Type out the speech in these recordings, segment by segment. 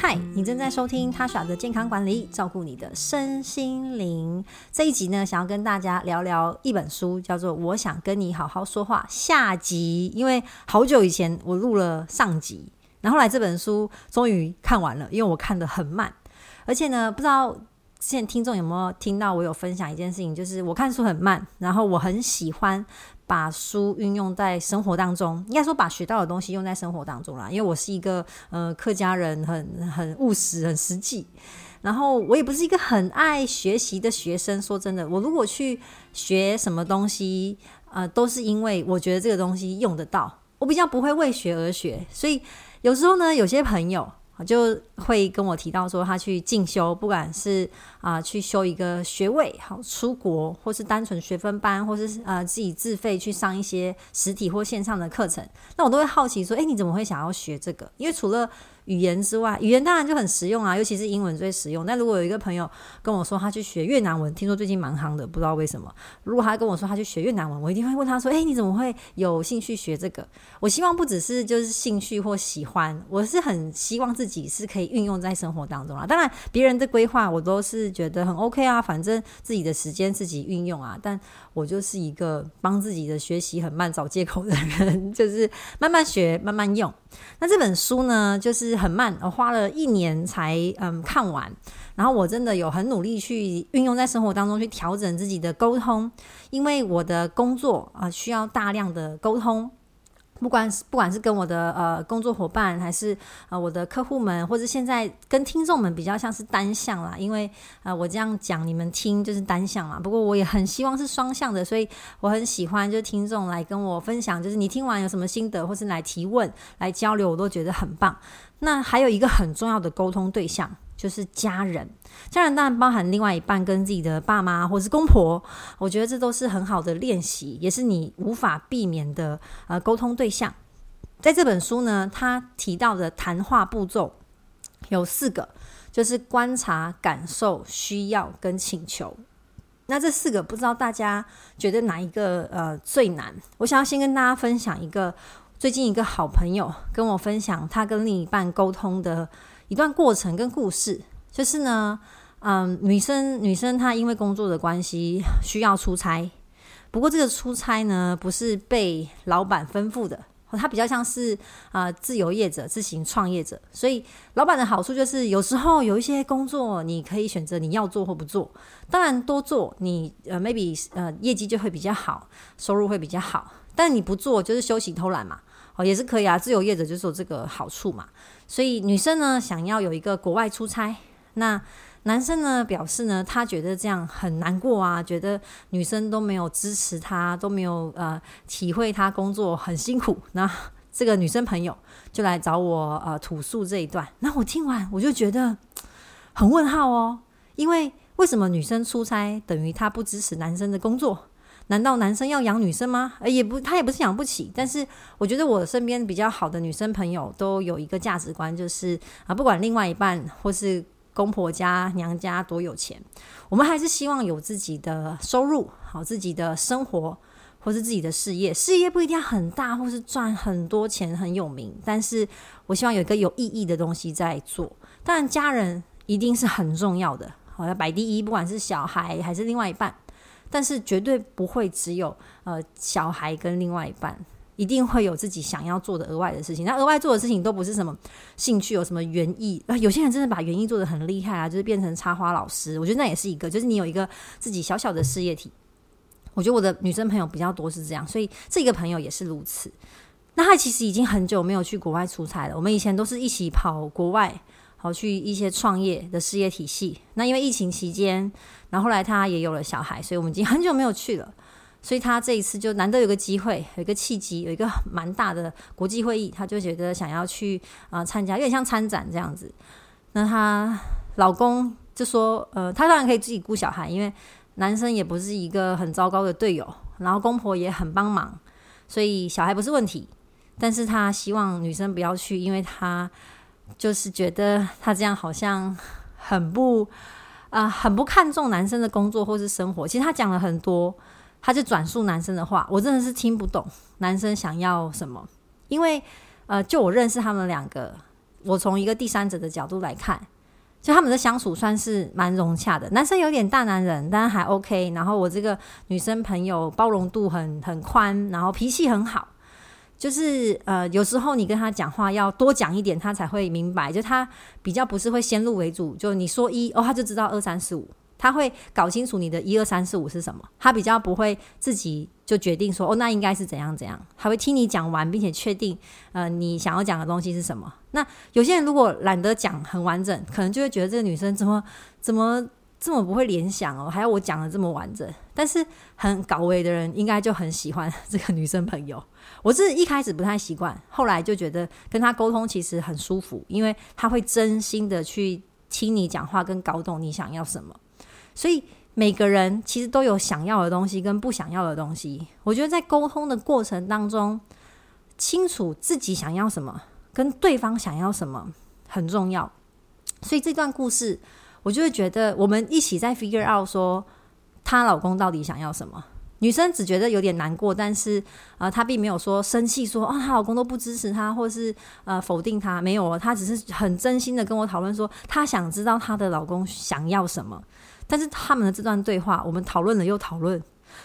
嗨，你正在收聽 Tasha 的健康管理，照顧你的身心靈。這一集呢，想要跟大家聊聊一本書，叫做《我想跟你好好說話》下集。因為好久以前我錄了上集，然後來這本書終於看完了，因為我看得很慢，而且呢，不知道之前聽眾有沒有聽到我有分享一件事情，就是我看書很慢，然後我很喜歡。把書運用在生活當中，應該說把學到的東西用在生活當中啦。因為我是一個呃客家人，很很務實、很實際。然後我也不是一個很愛學習的學生。說真的，我如果去學什麼東西，呃，都是因為我覺得這個東西用得到。我比較不會為學而學，所以有時候呢，有些朋友。就會跟我提到說，他去進修，不管是啊、呃、去修一個學位，好出國，或是單純學分班，或是啊、呃、自己自費去上一些實體或線上的課程，那我都會好奇說，誒、欸，你怎麼會想要學這個？因為除了語言之外，語言當然就很實用啊，尤其是英文最實用。但如果有一個朋友跟我說他去學越南文，聽說最近蠻夯的，不知道為什麼。如果他跟我說他去學越南文，我一定會問他說：“欸，你怎麼會有興趣學這個？”我希望不只是就是興趣或喜歡，我是很希望自己是可以運用在生活當中啊。當然，別人的規劃我都是覺得很 OK 啊，反正自己的時間自己運用啊。但我就是一個幫自己的學習很慢找借口的人，就是慢慢學，慢慢用。那這本書呢，就是很慢，我花了一年才嗯看完。然後我真的有很努力去運用在生活當中，去調整自己的溝通，因為我的工作啊，呃，需要大量的溝通。不管是不管是跟我的呃工作夥伴，還是呃我的客戶們，或者現在跟聽眾們比較像是單向啦。因為呃我這樣講你們聽就是單向嘛。不過我也很希望是雙向的，所以我很喜歡就聽眾來跟我分享，就是你聽完有什麼心得，或是來提問、來交流，我都覺得很棒。那還有一個很重要的溝通對象。就是家人，家人當然包含另外一半跟自己的爸媽或是公婆。我覺得這都是很好的練習，也是你無法避免的呃溝通對象。在這本書呢，他提到的談話步驟有四個，就是觀察、感受、需要跟請求。那這四個不知道大家覺得哪一個呃最難？我想要先跟大家分享一個最近一個好朋友跟我分享他跟另一半溝通的。一段過程跟故事，就是呢，嗯、呃，女生女生她因為工作的關係需要出差，不過這個出差呢不是被老板吩咐的，她比較像是啊、呃、自由業者、自行創業者，所以老板的好處就是有時候有一些工作你可以選擇你要做或不做，當然多做你呃 maybe 呃業績就會比較好，收入會比較好，但你不做就是休息偷懶嘛，哦、呃、也是可以啊，自由業者就是有這個好處嘛。所以女生呢想要有一個，國外出差，那男生呢表示呢他覺得這樣很難過啊，覺得女生都沒有支持他，都沒有呃體會他工作很辛苦。那這個女生朋友就來找我呃吐訴這一段，那我聽完我就覺得很問號哦，因為為什麼女生出差等於她不支持男生的工作？難道男生要養女生嗎？呃，也不，他也不是養不起。但是我覺得我身邊比較好的女生朋友都有一個價值觀，就是啊，不管另外一半或是公婆家娘家多有錢，我們還是希望有自己的收入，好，啊，自己的生活或是自己的事業。事業不一定要很大，或是賺很多錢很有名，但是我希望有一個有意義的東西在做。當然，家人一定是很重要的，好，啊，要擺第一，不管是小孩還是另外一半。但是絕對不會只有呃小孩跟另外一半，一定會有自己想要做的額外的事情。那額外做的事情都不是什麼興趣，哦，有什麼園藝？啊，呃，有些人真的把園藝做得很厲害啊，就是變成插花老師。我覺得那也是一個，就是你有一個自己小小的事業體。我覺得我的女生朋友比較多是這樣，所以這個朋友也是如此。那他其實已經很久沒有去國外出差了。我們以前都是一起跑國外，跑去一些創業的事業體系。那因為疫情期間，然後後來他也有了小孩，所以我們已經很久沒有去了，所以他這一次就難得有個機會，有一個契機，有一個蠻大的國際會議，他就覺得想要去啊參加，有點像參展這樣子。那他老公就說，呃，他當然可以自己顧小孩，因為男生也不是一個很糟糕的隊友，然後公婆也很幫忙，所以小孩不是問題。但是他希望女生不要去，因為他。就是覺得他這樣好像很不，啊、呃，很不看重男生的工作或是生活。其實他講了很多，他就轉述男生的話，我真的是聽不懂男生想要什麼？因為，呃，就我認識他們兩個，我從一個第三者的角度來看，就他們的相處算是蠻融洽的。男生有點大男人，但是還 OK。然後我這個女生朋友包容度很很寬，然後脾氣很好。就是呃，有時候你跟他講話要多講一點，他才會明白。就他比較不是會先入為主，就你說一，哦，他就知道二三四五，他會搞清楚你的一二三四五是什麼。他比較不會自己就決定說哦，那應該是怎樣怎樣，還會聽你講完，並且確定呃，你想要講的東西是什麼。那有些人如果懶得講很完整，可能就會覺得這個女生怎麼怎麼。這麼不會聯想哦，還要我講得這麼完整？但是很搞味的人應該就很喜歡這個女生朋友。我是一開始不太習慣，後來就覺得跟她溝通其實很舒服，因為她會真心的去聽你講話，跟搞懂你想要什麼。所以每個人其實都有想要的東西跟不想要的東西。我覺得在溝通的過程當中，清楚自己想要什麼跟對方想要什麼很重要。所以這段故事。我就會覺得，我們一起在 figure out 說，她老公到底想要什麼。女生只覺得有點難過，但是啊，她、呃、並沒有說生氣說，說、哦、啊，她老公都不支持她，或是呃否定她，沒有，她只是很真心的跟我討論說，她想知道她的老公想要什麼。但是他們的這段對話，我們討論了又討論，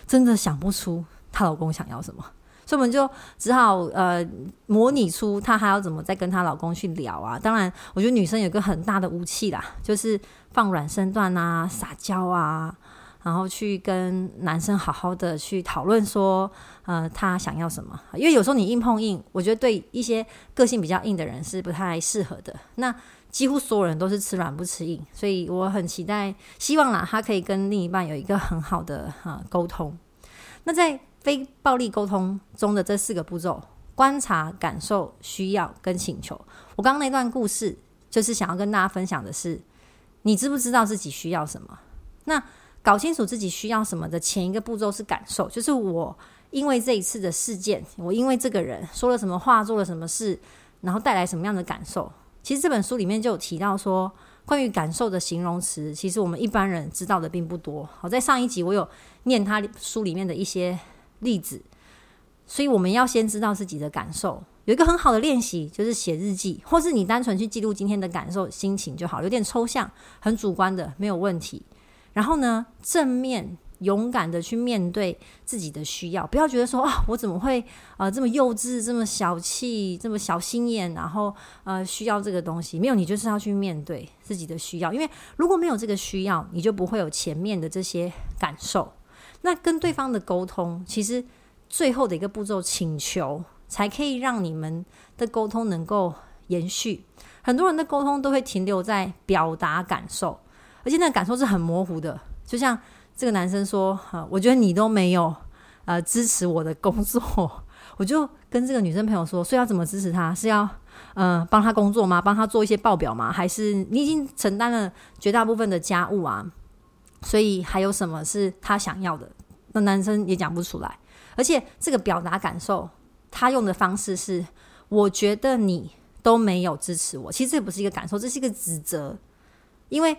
真的想不出她老公想要什麼。所以我們就只好呃模擬出她還要怎麼再跟她老公去聊啊。當然，我覺得女生有一個很大的武器啦，就是放軟身段啊、撒嬌啊，然後去跟男生好好的去討論說，呃，她想要什麼。因為有時候你硬碰硬，我覺得對一些個性比較硬的人是不太適合的。那幾乎所有人都是吃軟不吃硬，所以我很期待，希望啦，她可以跟另一半有一個很好的哈、呃、溝通。那在，非暴力溝通中的這四個步驟：觀察、感受、需要跟請求。我剛剛那段故事，就是想要跟大家分享的是，你知不知道自己需要什麼？那搞清楚自己需要什麼的前一個步驟是感受，就是我因為這一次的事件，我因為這個人說了什麼話，做了什麼事，然後帶來什麼樣的感受。其實這本書裡面就有提到說，關於感受的形容詞，其實我們一般人知道的並不多。好，在上一集我有念他書裡面的一些。例子，所以我們要先知道自己的感受。有一個很好的練習就是寫日記，或是你單純去記錄今天的感受、心情就好。有點抽象，很主觀的，沒有問題。然後呢，正面、勇敢的去面對自己的需要，不要覺得說啊，我怎麼會啊、呃、這麼幼稚、這麼小氣、這麼小心眼，然後呃需要這個東西。沒有，你就是要去面對自己的需要，因為如果沒有這個需要，你就不會有前面的這些感受。那跟對方的溝通，其實最後的一個步驟，請求，才可以讓你們的溝通能夠延續。很多人的溝通都會停留在表達感受，而且那個感受是很模糊的。就像這個男生說、呃：“我覺得你都沒有，呃，支持我的工作。”我就跟這個女生朋友說：“所以要怎麼支持他？是要，呃，幫他工作嗎？幫他做一些報表嗎？還是你已經承擔了絕大部分的家務啊？”所以還有什麼是他想要的？那男生也講不出來。而且這個表達感受，他用的方式是：我覺得你都沒有支持我。其實這不是一個感受，這是一個指責。因為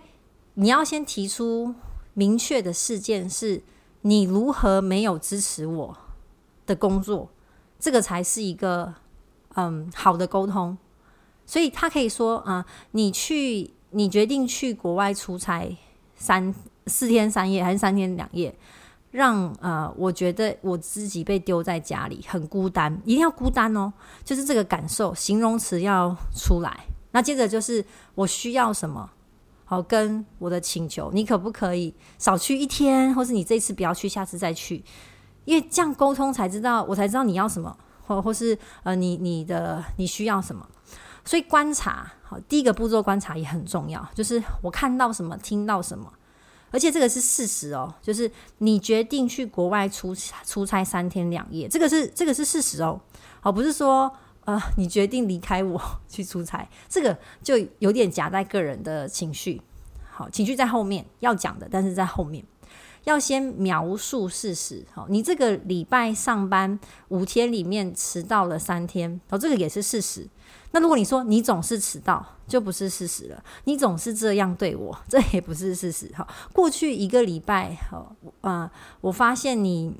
你要先提出明確的事件是，是你如何沒有支持我的工作，這個才是一個嗯好的溝通。所以他可以說啊、嗯，你去，你決定去國外出差三。四天三夜還是三天兩夜，讓呃，我覺得我自己被丟在家裡，很孤單，一定要孤單哦，就是這個感受，形容詞要出來。那接着就是我需要什麼，好，跟我的請求，你可不可以少去一天，或是你這次不要去，下次再去，因為這樣溝通才知道，我才知道你要什麼，或或是呃，你你的你需要什麼。所以觀察，好，第一個步驟觀察也很重要，就是我看到什麼，聽到什麼。而且這個是事實哦，就是你決定去國外出出差三天兩夜，這個是這個是事實哦，好，不是說呃你決定離開我去出差，這個就有點夾帶個人的情緒，好，情緒在後面要講的，但是在後面要先描述事實，好，你這個禮拜上班五天裡面遲到了三天，哦，這個也是事實。那如果你說你總是遲到。就不是事實了。你總是這樣對我，這也不是事實哈。過去一個禮拜哈啊、哦呃，我發現你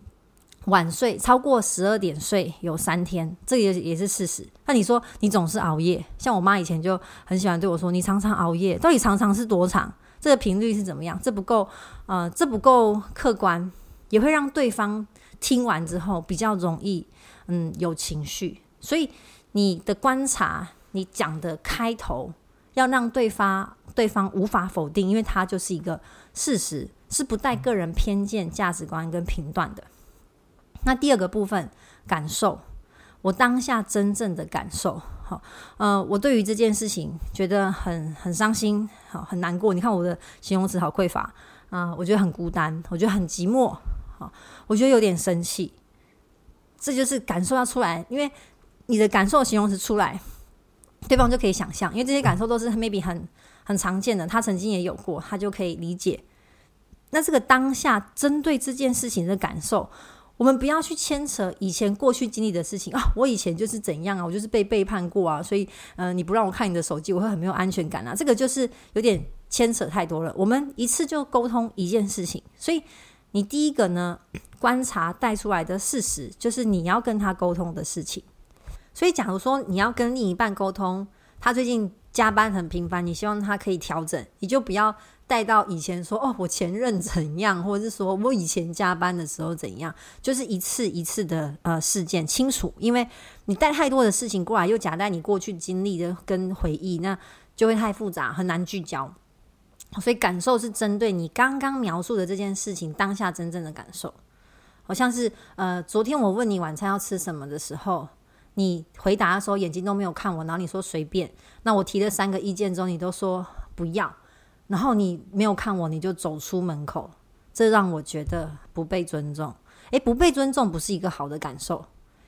晚睡超過十二點睡有三天，這也也是事實。那你說你總是熬夜，像我媽以前就很喜歡對我說：“你常常熬夜，到底常常是多長？”這個頻率是怎麼樣？這不夠啊、呃，這不夠客觀，也會讓對方聽完之後比較容易嗯有情緒。所以你的觀察。你講的開頭要讓對方對方無法否定，因為它就是一個事實，是不帶個人偏見、價值觀跟評斷的。那第二個部分，感受我當下真正的感受，好、哦，呃，我對於這件事情覺得很很傷心，好、哦，很難過。你看我的形容詞好匱乏啊、呃，我覺得很孤單，我覺得很寂寞，好、哦，我覺得有點生氣。這就是感受要出來，因為你的感受的形容詞出來。對方就可以想象，因為這些感受都是 maybe 很很常見的，他曾經也有過，他就可以理解。那這個當下針對這件事情的感受，我們不要去牽扯以前過去經歷的事情啊、哦。我以前就是怎樣啊，我就是被背叛過啊，所以嗯、呃，你不讓我看你的手機，我會很沒有安全感啊。這個就是有點牽扯太多了。我們一次就溝通一件事情，所以你第一個呢，觀察帶出來的事實就是你要跟他溝通的事情。所以，假如說你要跟另一半溝通，他最近加班很頻繁，你希望他可以調整，你就不要帶到以前說哦，我前任怎樣，或者是說我以前加班的時候怎樣，就是一次一次的呃事件清楚。因為你帶太多的事情過來，又夾帶你過去經歷的跟回憶，那就會太複雜，很難聚焦。所以感受是針對你剛剛描述的這件事情當下真正的感受，好像是呃，昨天我問你晚餐要吃什麼的時候。你回答的時候眼睛都沒有看我，然後你說隨便。那我提了三個意見之後，你都說不要，然後你沒有看我，你就走出門口，這讓我覺得不被尊重。誒，不被尊重不是一個好的感受，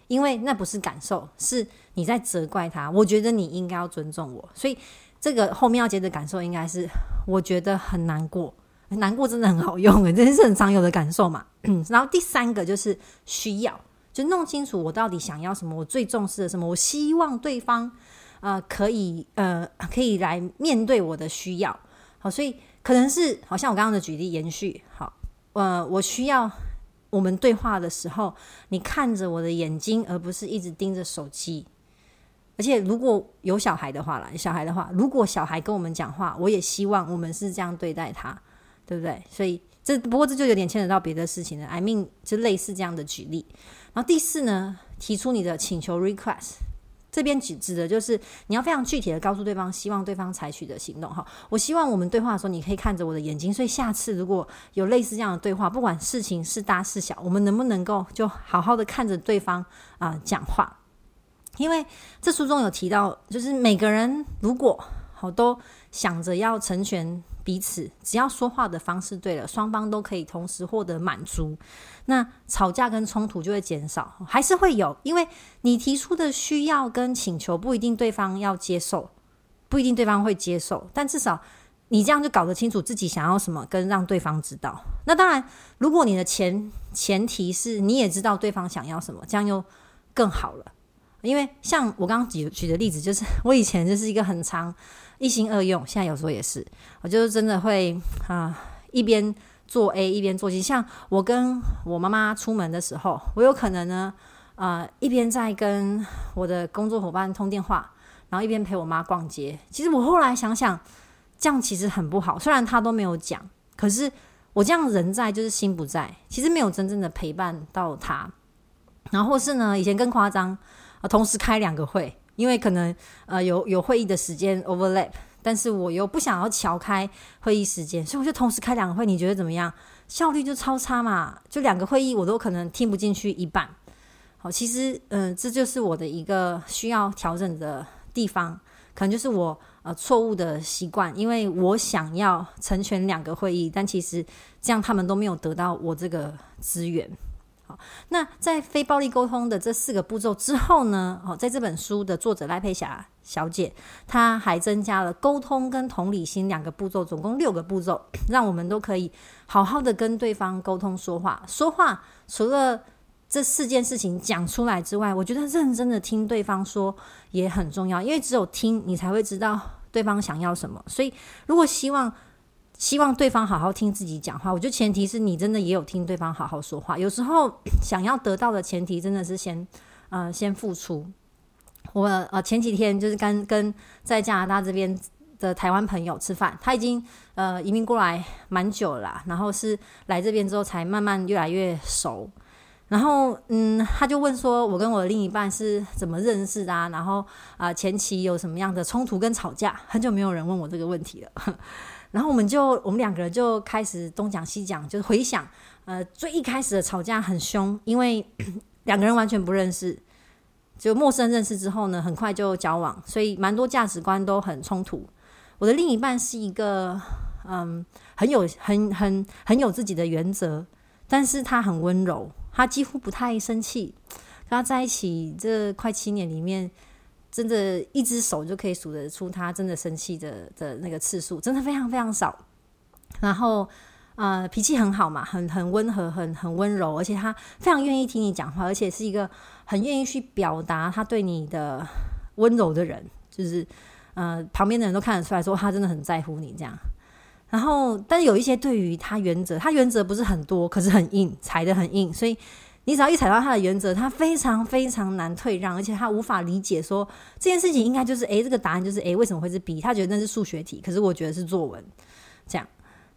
因為那不是感受，是你在責怪他。我覺得你應該要尊重我，所以這個後面要接的感受應該是，我覺得很難過，難過真的很好用，誒，這是很常有的感受嘛。 然後第三個就是需要。就弄清楚我到底想要什麼，我最重視的什麼，我希望對方，啊，呃，可以呃，可以來面對我的需要。好，所以可能是好像我剛剛的舉例延續，好，呃，我需要我們對話的時候，你看着我的眼睛，而不是一直盯着手機。而且如果有小孩的話啦，小孩的話，如果小孩跟我們講話，我也希望我們是這樣對待他，對不對？所以這不過這就有點牽扯到別的事情了。I mean，就類似這樣的舉例。然後第四呢，提出你的請求 request，這邊指指的就是你要非常具體的告訴對方，希望對方採取的行動。哈，我希望我們對話的時候，你可以看着我的眼睛。所以下次如果有類似這樣的對話，不管事情是大是小，我們能不能夠就好好的看着對方啊、呃、講話？因為這書中有提到，就是每個人如果好都想着要成全。彼此只要說話的方式對了，雙方都可以同時獲得滿足，那吵架跟衝突就會減少。還是會有，因為你提出的需要跟請求不一定對方要接受，不一定對方會接受。但至少你這樣就搞得清楚自己想要什麼，跟讓對方知道。那當然，如果你的前前提是你也知道對方想要什麼，這樣就更好了。因為像我剛剛舉舉的例子，就是我以前就是一個很長。一心二用，現在有時候也是，我就是真的會啊、呃，一邊做 A 一邊做 B。像我跟我媽媽出門的時候，我有可能呢，啊、呃，一邊在跟我的工作夥伴通電話，然後一邊陪我媽逛街。其實我後來想想，這樣其實很不好。雖然她都沒有講，可是我這樣人在就是心不在，其實沒有真正的陪伴到她。然後或是呢，以前更誇張，啊，同時開兩個會。因為可能呃有有會議的時間 overlap，但是我又不想要喬開會議時間，所以我就同時開兩個會，你覺得怎麼樣？效率就超差嘛，就兩個會議我都可能聽不進去一半。好，其實嗯，呃，這就是我的一個需要調整的地方，可能就是我呃錯誤的習慣，因為我想要成全兩個會議，但其實這樣他們都沒有得到我這個資源。好，那在非暴力溝通的這四個步驟之後呢，哦，在這本書的作者賴佩霞小姐，她還增加了溝通跟同理心兩個步驟，總共六個步驟，讓我們都可以好好的跟對方溝通說話。說話除了這四件事情講出來之外，我覺得認真的聽對方說也很重要，因為只有聽，你才會知道對方想要什麼。所以，如果希望，希望對方好好聽自己講話，我覺得前提是你真的也有聽對方好好說話。有時候想要得到的前提，真的是先，呃，先付出。我呃前幾天就是跟跟在加拿大這邊的台灣朋友吃飯，他已經呃移民過來蠻久了啦，然後是來這邊之後才慢慢越來越熟。然後嗯，他就問說，我跟我的另一半是怎麼認識的啊？然後啊，呃，前期有什麼樣的衝突跟吵架？很久沒有人問我這個問題了。然後我們就我們兩個人就開始東講西講，就是回想，呃，最一開始的吵架很凶，因為 兩個人完全不認識，就陌生認識之後呢，很快就交往，所以蠻多價值觀都很衝突。我的另一半是一個，嗯，很有很很很有自己的原則，但是他很溫柔，他幾乎不太生氣，跟他在一起這快七年裡面。真的，一隻手就可以數得出他真的生氣的的那個次數，真的非常非常少。然後，啊、呃，脾氣很好嘛，很很溫和，很很溫柔，而且他非常願意聽你講話，而且是一個很願意去表達他對你的溫柔的人，就是呃，旁邊的人都看得出來說他真的很在乎你這樣。然後，但是有一些對於他原則，他原則不是很多，可是很硬，踩得很硬，所以。你只要一踩到他的原則，他非常非常難退讓，而且他無法理解說，這件事情應該就是誒，這個答案就是誒，為什麼會是 B？他覺得那是數學題，可是我覺得是作文這樣。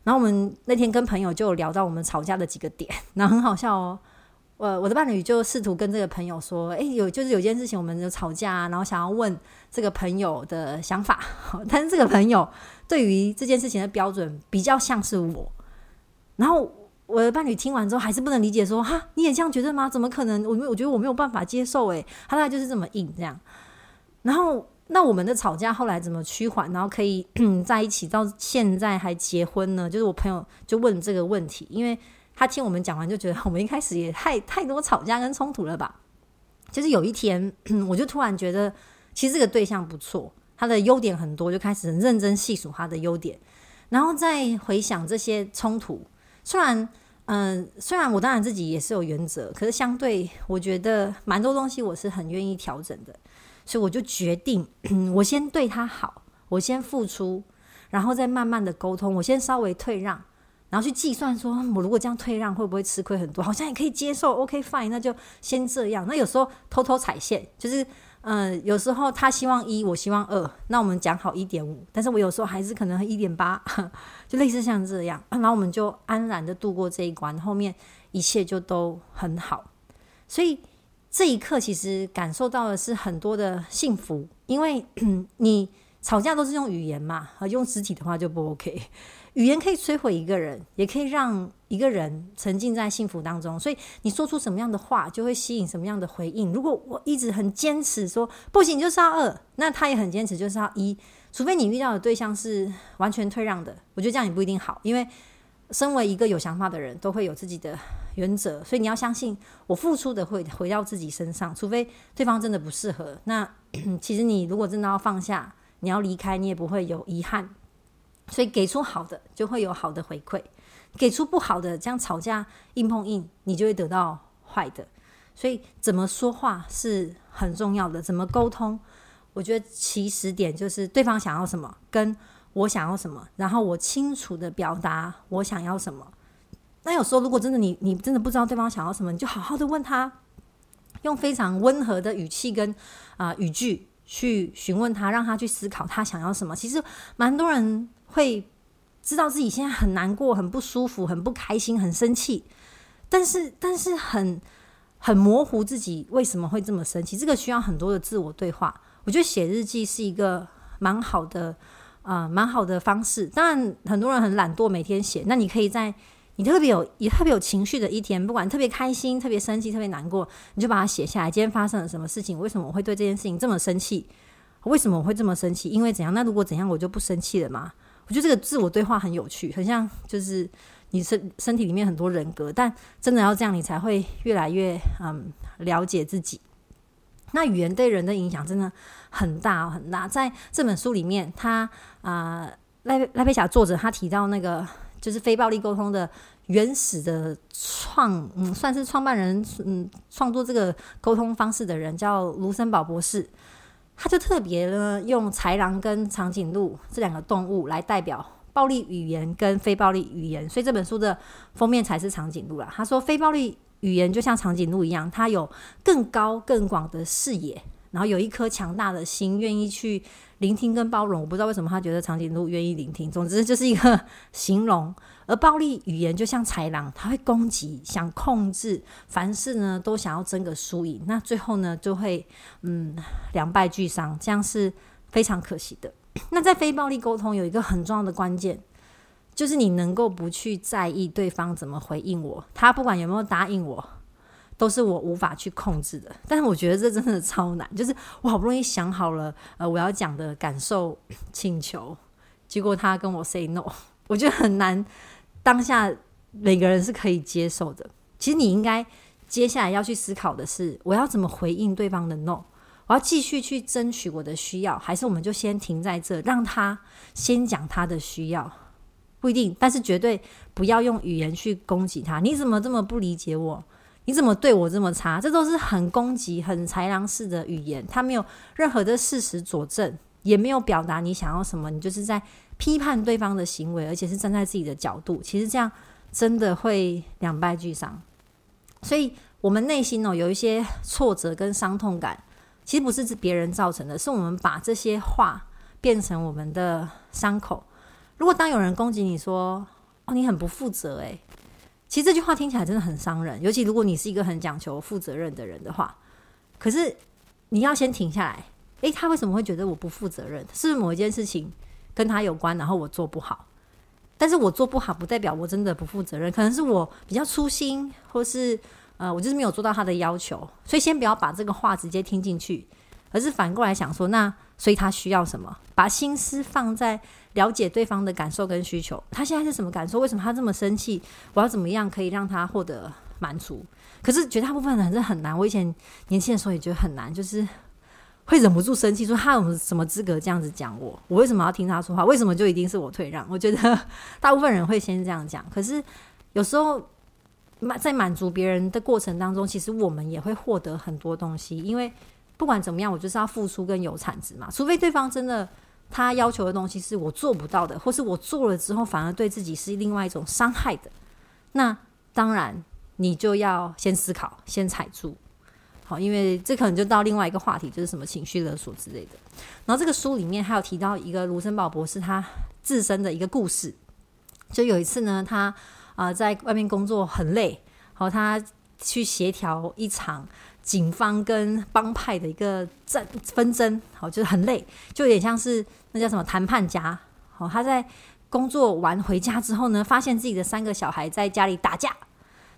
然後我們那天跟朋友就聊到我們吵架的幾個點，然後很好笑哦。我我的伴侶就試圖跟這個朋友說，誒，有就是有件事情，我們就吵架，然後想要問這個朋友的想法，但是這個朋友對於這件事情的標準比較像是我，然後。我的伴侶聽完之後還是不能理解說，說哈，你也這樣覺得嗎？怎麼可能？我我覺得我沒有辦法接受哎，他大概就是這麼硬這樣。然後那我們的吵架後來怎麼趨緩，然後可以在一起到現在還結婚呢？就是我朋友就問這個問題，因為他聽我們講完就覺得我們一開始也太太多吵架跟衝突了吧。就是有一天我就突然覺得，其實這個對象不錯，他的優點很多，就開始認真細數他的優點，然後再回想這些衝突。雖然，嗯，雖然我當然自己也是有原則，可是相對我覺得蠻多東西我是很願意調整的，所以我就決定，嗯，我先對他好，我先付出，然後再慢慢的溝通，我先稍微退讓，然後去計算說，我如果這樣退讓會不會吃虧很多？好像也可以接受，OK fine，那就先這樣。那有時候偷偷踩線，就是。嗯、呃，有時候他希望一，我希望二，那我們講好一點五，但是我有時候還是可能一點八，就類似像這樣，然後我們就安然的度過這一關，後面一切就都很好。所以這一刻其實感受到的是很多的幸福，因為你吵架都是用語言嘛，啊，用肢體的話就不 OK，語言可以摧毀一個人，也可以讓一個人沉浸在幸福當中，所以你說出什麼樣的話，就會吸引什麼樣的回應。如果我一直很堅持說不行，就是要二，那他也很堅持就是要一，除非你遇到的對象是完全退讓的，我覺得這樣也不一定好。因為身為一個有想法的人，都會有自己的原則，所以你要相信，我付出的會回到自己身上。除非對方真的不適合那，那 其實你如果真的要放下，你要離開，你也不會有遺憾。所以給出好的，就會有好的回饋。給出不好的，這樣吵架硬碰硬，你就會得到壞的。所以怎麼說話是很重要的，怎麼溝通，我覺得起始點就是對方想要什麼，跟我想要什麼，然後我清楚的表達我想要什麼。那有時候如果真的你你真的不知道對方想要什麼，你就好好的問他，用非常溫和的語氣跟啊、呃、語句去詢問他，讓他去思考他想要什麼。其實蠻多人會。知道自己現在很難過、很不舒服、很不開心、很生氣，但是但是很很模糊自己為什麼會這麼生氣，這個需要很多的自我對話。我覺得寫日記是一個蠻好的啊、呃、蠻好的方式。當然，很多人很懶惰，每天寫。那你可以在你特別有也特別有情緒的一天，不管特別開心、特別生氣、特別難過，你就把它寫下來。今天發生了什麼事情？為什麼我會對這件事情這麼生氣？為什麼我會這麼生氣？因為怎樣？那如果怎樣，我就不生氣了嗎？我覺得這個自我對話很有趣，很像就是你身身體裡面很多人格，但真的要這樣，你才會越來越嗯，了解自己。那語言對人的影響真的很大，哦，很大。在這本書裡面，他啊、呃、賴賴佩霞作者他提到那個就是非暴力溝通的原始的創嗯，算是創辦人嗯，創作這個溝通方式的人叫盧森堡博士。他就特別呢，用豺狼跟長頸鹿這兩個動物來代表暴力語言跟非暴力語言，所以這本書的封面才是長頸鹿啦。他說，非暴力語言就像長頸鹿一樣，它有更高更廣的視野，然後有一顆強大的心，願意去。聆聽跟包容，我不知道為什麼他覺得長頸鹿願意聆聽。總之就是一個形容，而暴力語言就像豺狼，他會攻擊，想控制，凡事呢都想要爭個輸贏，那最後呢就會嗯兩敗俱傷，這樣是非常可惜的。那在非暴力溝通有一個很重要的關鍵，就是你能夠不去在意對方怎麼回應我，他不管有沒有答應我都是我無法去控制的，但是我覺得這真的超難。就是我好不容易想好了，呃，我要講的感受請求，結果他跟我 say no，我覺得很難。當下每個人是可以接受的。其實你應該接下來要去思考的是，我要怎麼回應對方的 no？我要繼續去爭取我的需要，還是我們就先停在這，讓他先講他的需要？不一定，但是絕對不要用語言去攻擊他。你怎麼這麼不理解我？你怎麼對我這麼差？這都是很攻擊、很豺狼式的語言，他沒有任何的事實佐證，也沒有表達你想要什麼，你就是在批判對方的行為，而且是站在自己的角度。其實這樣真的會兩敗俱傷。所以，我們內心有一些挫折跟傷痛感，其實不是別人造成的，是我們把這些話變成我們的傷口。如果當有人攻擊你說“哦，你很不負責，欸”，其實這句話聽起來真的很傷人，尤其如果你是一個很講求負責任的人的話。可是你要先停下來，誒，他為什麼會覺得我不負責任？是不是某一件事情跟他有關，然後我做不好？但是我做不好不代表我真的不負責任，可能是我比較粗心，或是呃，我就是沒有做到他的要求。所以先不要把這個話直接聽進去。而是反過來想說，那所以他需要什麼？把心思放在了解對方的感受跟需求。他現在是什麼感受？為什麼他這麼生氣？我要怎麼樣可以讓他獲得滿足？可是絕大部分人是很難。我以前年輕的時候也覺得很難，就是會忍不住生氣，說他有什麼資格這樣子講我？我為什麼要聽他說話？為什麼就一定是我退讓？我覺得大部分人會先這樣講。可是有時候滿在滿足別人的過程當中，其實我們也會獲得很多東西，因為。不管怎麼樣，我就是要付出跟有產值嘛。除非對方真的他要求的東西是我做不到的，或是我做了之後反而對自己是另外一種傷害的，那當然你就要先思考，先踩住。好，因為這可能就到另外一個話題，就是什麼情緒勒索之類的。然後這個書裡面還有提到一個盧森堡博士他自身的一個故事，就有一次呢，他啊、呃、在外面工作很累，好，他去協調一場。警方跟幫派的一個爭紛爭，好，就是很累，就有點像是那叫什麼談判家，好、哦、他在工作完回家之後呢，發現自己的三個小孩在家裡打架，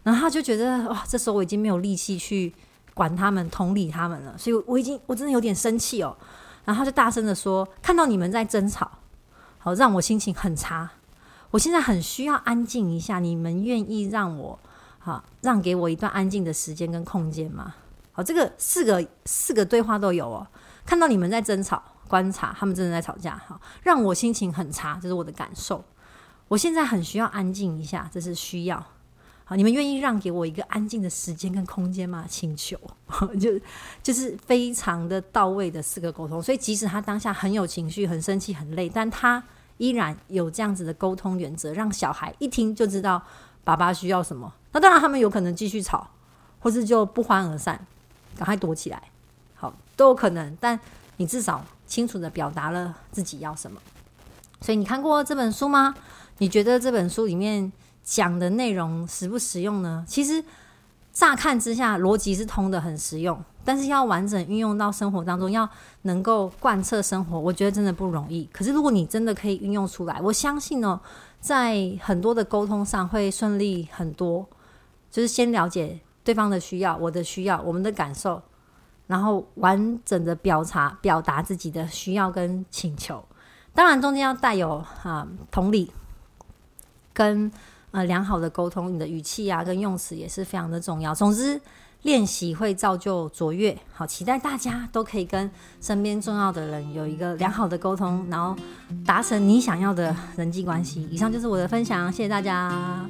然後他就覺得哇，這時候我已經沒有力氣去管他們、同理他們了，所以我已經我真的有點生氣哦，然後他就大聲的說：“看到你們在爭吵，好、哦、讓我心情很差，我現在很需要安靜一下，你們願意讓我好、啊、讓給我一段安靜的時間跟空間嗎？”好，這個四個四個對話都有哦。看到你們在爭吵，觀察他們真的在吵架，好，讓我心情很差，這是我的感受。我現在很需要安靜一下，這是需要。好，你們願意讓給我一個安靜的時間跟空間嗎？請求，就就是非常的到位的四個溝通。所以，即使他當下很有情緒、很生氣、很累，但他依然有這樣子的溝通原則，讓小孩一聽就知道爸爸需要什麼。那當然，他們有可能繼續吵，或是就不歡而散。趕快躲起來，好，都有可能，但你至少清楚地表達了自己要什麼。所以你看過這本書嗎？你覺得這本書裡面講的內容實不實用呢？其實乍看之下邏輯是通的，很實用，但是要完整運用到生活當中，要能夠貫徹生活，我覺得真的不容易。可是如果你真的可以運用出來，我相信呢、哦，在很多的溝通上會順利很多。就是先了解，對方的需要，我的需要，我們的感受，然後完整的表達表達自己的需要跟請求。當然，中間要帶有啊、嗯、同理，跟呃良好的溝通，你的語氣啊跟用詞也是非常的重要。總之，練習會造就卓越。好，期待大家都可以跟身邊重要的人有一個良好的溝通，然後達成你想要的人際關係。以上就是我的分享，謝謝大家。